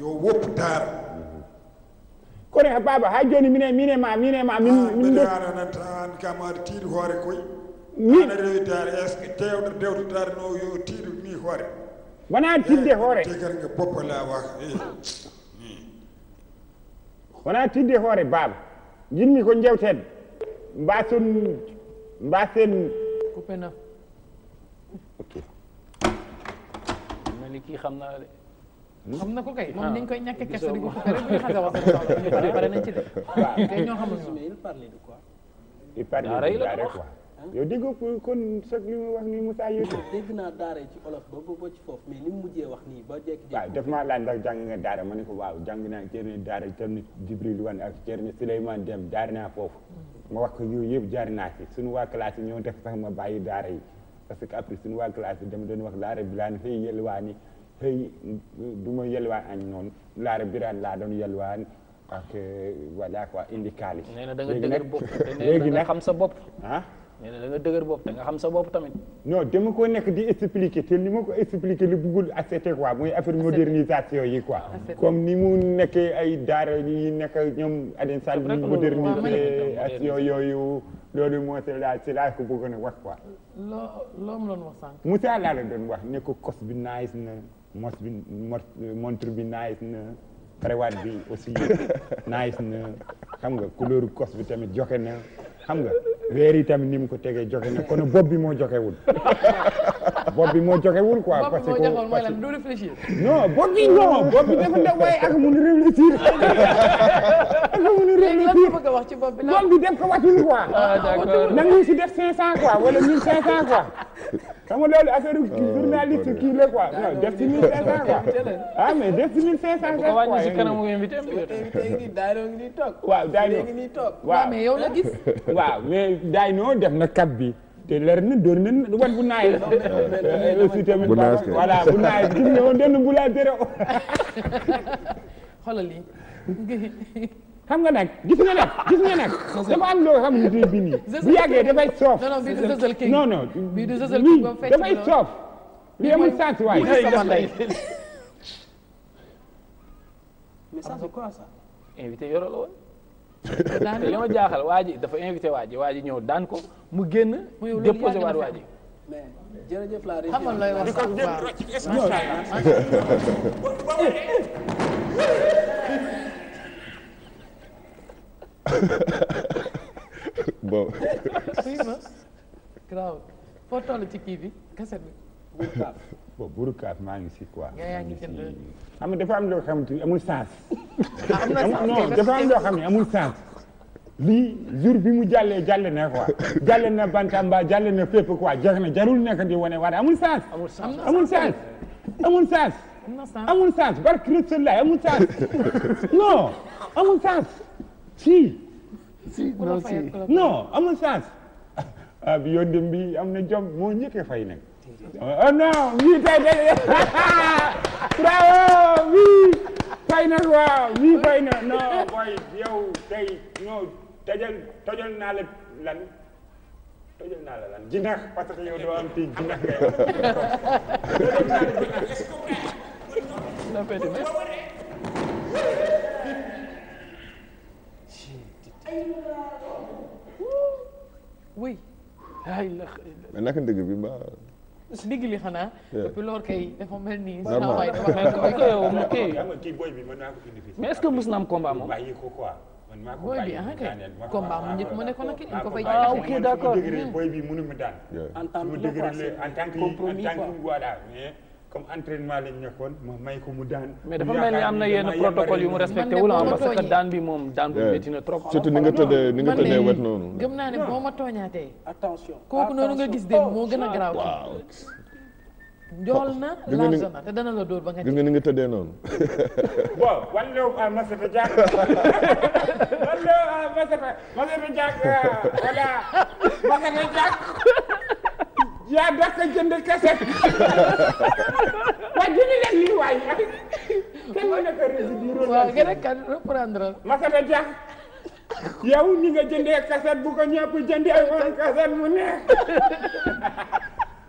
yo woppudar kono ha baaba ha joni mine mine ma mine ma min ah, min do anan tan kam ar tiiɗi hoore koye ana rewidare est ce que tewɗo dewtodare no yo tiiɗo ni hoore wona tidde eh, hoore tegal nge boppa lawaka eh. wona tidde hoore baaba jinmi ko jewten mbason mbasen coupé na ok mali ki xam Hmm? xam na ko kay moom ah. dañ koy ñàkk kersa di ci de. waaw kay ñoo xamul noonu. il parlait de quoi. il parlait de daara quoi. ko kon sax li mu wax nii ah, naa daara ci olof ba ba ci foofu mais mu mujjee wax nii ba jékki-jékki. waaw daf maa laaj ndax jàng nga daara ma ni ko waaw jàng naa Thierno daara tamit Djibril Wane ak Thierno Souleymane Dem jaar naa foofu. Hmm. ma wax ko yooyu yëpp jaar naa ci suñu waa classe yi ñoo def sax ma bàyyi daara yi parce que après suñu waa classe yi dama doon wax daara bi laa ne fay yëlwaa ni xëy du ma yelwaan añ noonu laara biraan laa doon yelwaan ak euh, voilà quoi indi kaalis. nee na da léegi nag xam sa bopp. ah na da nga bopp da nga xam sa bopp tamit. non dama ko nekk di expliquer te li ma ko expliquer lu buggul accepté quoi muy affaire modernisation yi quoi. comme ni mu nekkee ay daara yi nekk ñoom. Aden Sall ñu moderniser ak yooyu. loolu moo ci laa ci laa ko bëggoon a wax quoi. loo loo mu doon wax sànq. Moussa laa la doon wax ne ko kos bi nice na. mos bi mos montre bi nice bi aussi nice na xam nga couleur kos bi tamit joxe na xam nga weer yi tamit ni ko tegee joxe na kon bopp bi moo joxewul bopp bi moo joxewul wul parce que bopp bi moo joxewul maanaam doo réfléchir. non bopp bi non bopp bi dafa ndaw waaye ak mun réfléchir. Ah, ak mun réfléchir def ko wàccul quoi. ah d'accord nangu xam nga loolu affaire ah, journaliste kii la quoi non def ci 1500 quoi ah mais def si kanamu invité am di daay waaw mais def na cap bi. te leer na door na wat bu naay aussi bu naay gis nga woon denn bu laa jëre xam nga nag gis nga nag gis nga nag dafa loo xam ne bi nii bu yàggee dafay soof non non bii dafay soof bi amul sens waay mais ça c'est quoi ça la woon daan li jaaxal waa dafa invité waa ji waa ji ñëw daan mu génn déposé waat waa la lay wax bon. oui ma. ci kii bi kese bi. burukaat maa ngi si quoi. yaa ngi jënd xam nga dafa am loo xamante ni amul sens. am na sens non dafa am loo xam ne amul sens. lii jour bi mu jàllee jàlle na quoi jàlle na bantamba na fépp nekk di wane waaye amul sens. amul sens amul sens amul sens. amul sens barke Rasulullah amul sens non si si non si non amul chance ah bi yóndim bi am na jom moo njëkkee fay nag oh non mii tey tey bravo mii fay na waaw mii fay na non boy yow tey non tajal tajal naa la lan tojal naa la lan jinax parce que yow doo am ti jinax ngay oui. mais naka ndëgg bi ba si digg bi xanaa. depuis loolu kay dafa mel ni. normal waay dafa mel ni kii yow kii. kii bi mën naa ko indi fii. mais est-ce que mës na am combat moom. bàyyi ko quoi. man maa ko ah, ko daaneel ma ko combat mu njëkk mu nekkoon ak ah, bi mënu ma daan. en tant que comme entraînement lañ nekkoon ma may ko mu daan. mais dafa mel ni am na yenn protocole yu mu respecté wul parce que daan bi moom daan bi métti na trop. surtout ni nga noonu. nga gis dem moo gën a garaaw. waaw. njool na laaj na te dana la dóor ba nga. gis nga ni nga tëddee noonu. bon wàllu ah, Massata Diack wàllu ah, Massata yaa dàq jënd kaset waaye jënd leen lii waay kenn mën na ko résidurer. waaw reprendre. Masata Dia. yow nga jëndee kaset bu ko ñëpp jëndee woon kaset mu neex.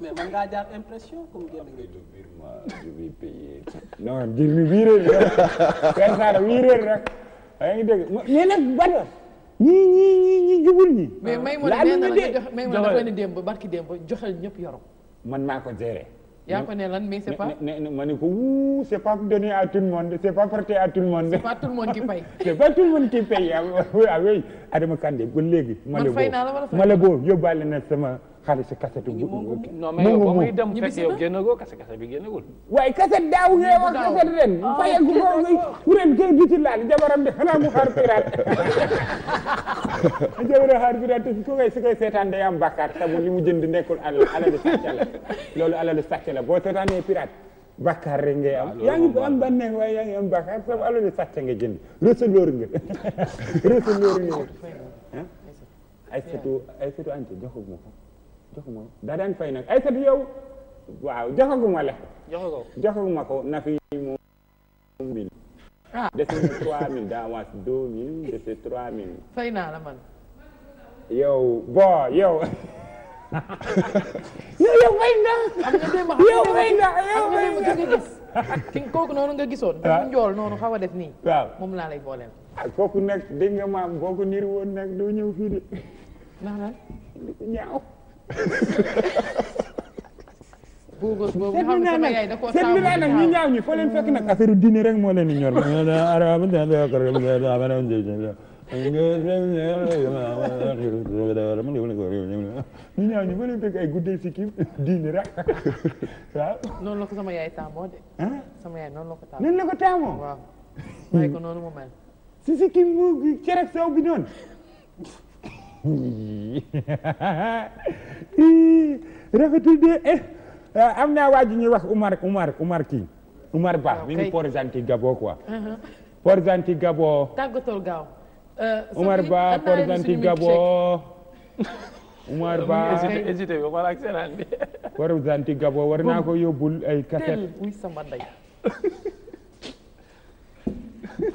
mais man ngaa jaar impression comme génn nga du biir ma je vais payer non biir bi bii réer rek kenn saa la bii réer rek da ngi dégg mais nag ban ñii ñii ñii ñii jubul ñi mais may ma ne na may ma dafa ne démb barki démb joxel ñëpp yorom man maa ko géré yaa ko ne lan mais c'est pas ma ne ko wuu c'est pas donné à tout le monde c'est pas prêté à tout le monde. c'est pas tout le monde qui paye. c'est pas tout le monde qui paye ah oui ah, Adama Kandé ba léegi. man fay naa la wala fay ma la boo yóbbaale na sama. xaalis kaset bu non mais yow ba muy dem fekk yow génnagoo kase kase bi génnagul. waaye kaset daaw nee wax kaset ren. fayal ko ngay kuréel kër gi ci laal jabaram de xanaa mu xaar piraat. jabaram xaar piraat te ku ngay su koy seetaan day am bàkkaar te mu li mu jënd nekkul alal alalu sàcc la loolu alalu sàcc la boo seetaanee piraat bàkkaar rek ngay am ah, yaa ngi am bànneex waaye yaa ngi am bàkkaar sa alalu sàcc nga jënd receleur nga receleur nga ay surtout ay surtout ante joxu ma ko joxuma daa daan fay nag ay sat yow waaw joxaguma la ko na fi moom ah. fay naa la man yow nga yow fay ah. a def nii waaw moom laa lay booleel ah kooku nag dégg nga maam kooku niir woon nag doo ñëw fii de ndax lan ñaaw góor góor boobu nga xam ne sama fekk nag affaire diine rek moo leen di ñor. ñu ñaaw ñi foo leen fekk ay guddee si kii diine rek waaw. noonu la ko sama yaay taamoo si si kii mu cere rafetul de eh. Eh, am na waa ji ñuy wax Umar Umar Umar kii Umar Ba mi ngi Port-Gentil Gabon quoi uh-huh. Port-Gentil Gabon tàggatool gaaw euh, Umar war naa ko yóbbul ay kaset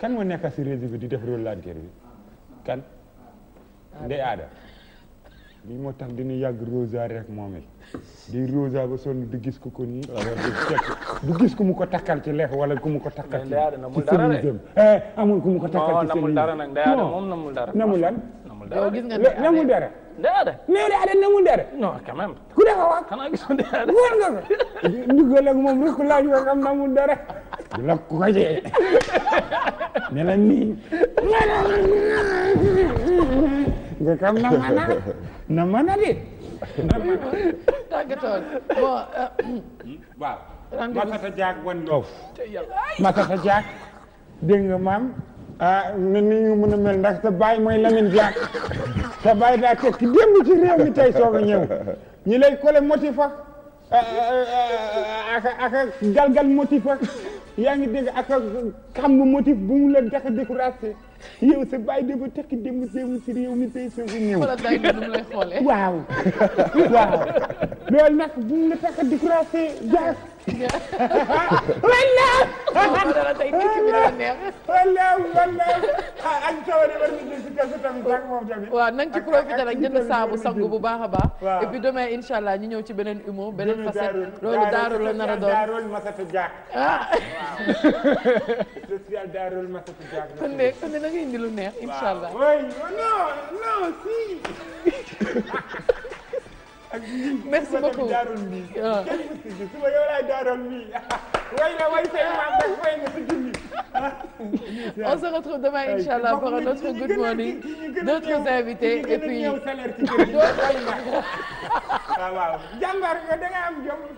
kan moo nekk si bi di def rôle lanteer bi ndey aada lii moo tax dina yàgg rosa rek moom it di rosa ba sonn du gis ku ko nii wala gis ku mu ko takkal ci lex wala ku mu ko takkal ci ci eh, ko takkal ci sëriñ dara nag ndey aada moom namul dara namul lan namul dara ndey aada ndey dara non quand même ku dafa wax xanaa gisoo ndey aada wóor nga ko duggal ak moom rek laaj wax am namul dara du la ko jee ne nga kam na mana na mana de tàggatoon bon waaw Matata Diak wan doof Matata Diak dégg nga maam ah ni ñu mën a mel ndax sa baay mooy Lamine Diak sa baay daa tekki démb ci réew mi tey soog a ñëw ñi lay kole motifa ak ak galgal motifa yaa ngi dégg ak xam nga motif bu mu la tax a découragé yow sa bàyyi de ba tekki démb démb si réew mi tey soogu ñëw waaw waaw loolu nag bu mu la tax a découragé jaas wallaaw. wallaaw moom na nga ci profité rek saabu sangu bu baax a baax. waaw et puis demain ñu ñëw ci beneen humour beneen facette. loolu daarul la nar a doon daarul masatu jaak. Ah. neex. incha allah merci beaucoup on se retrouve demain inchallah pour un autre good morning d'autres invités et puis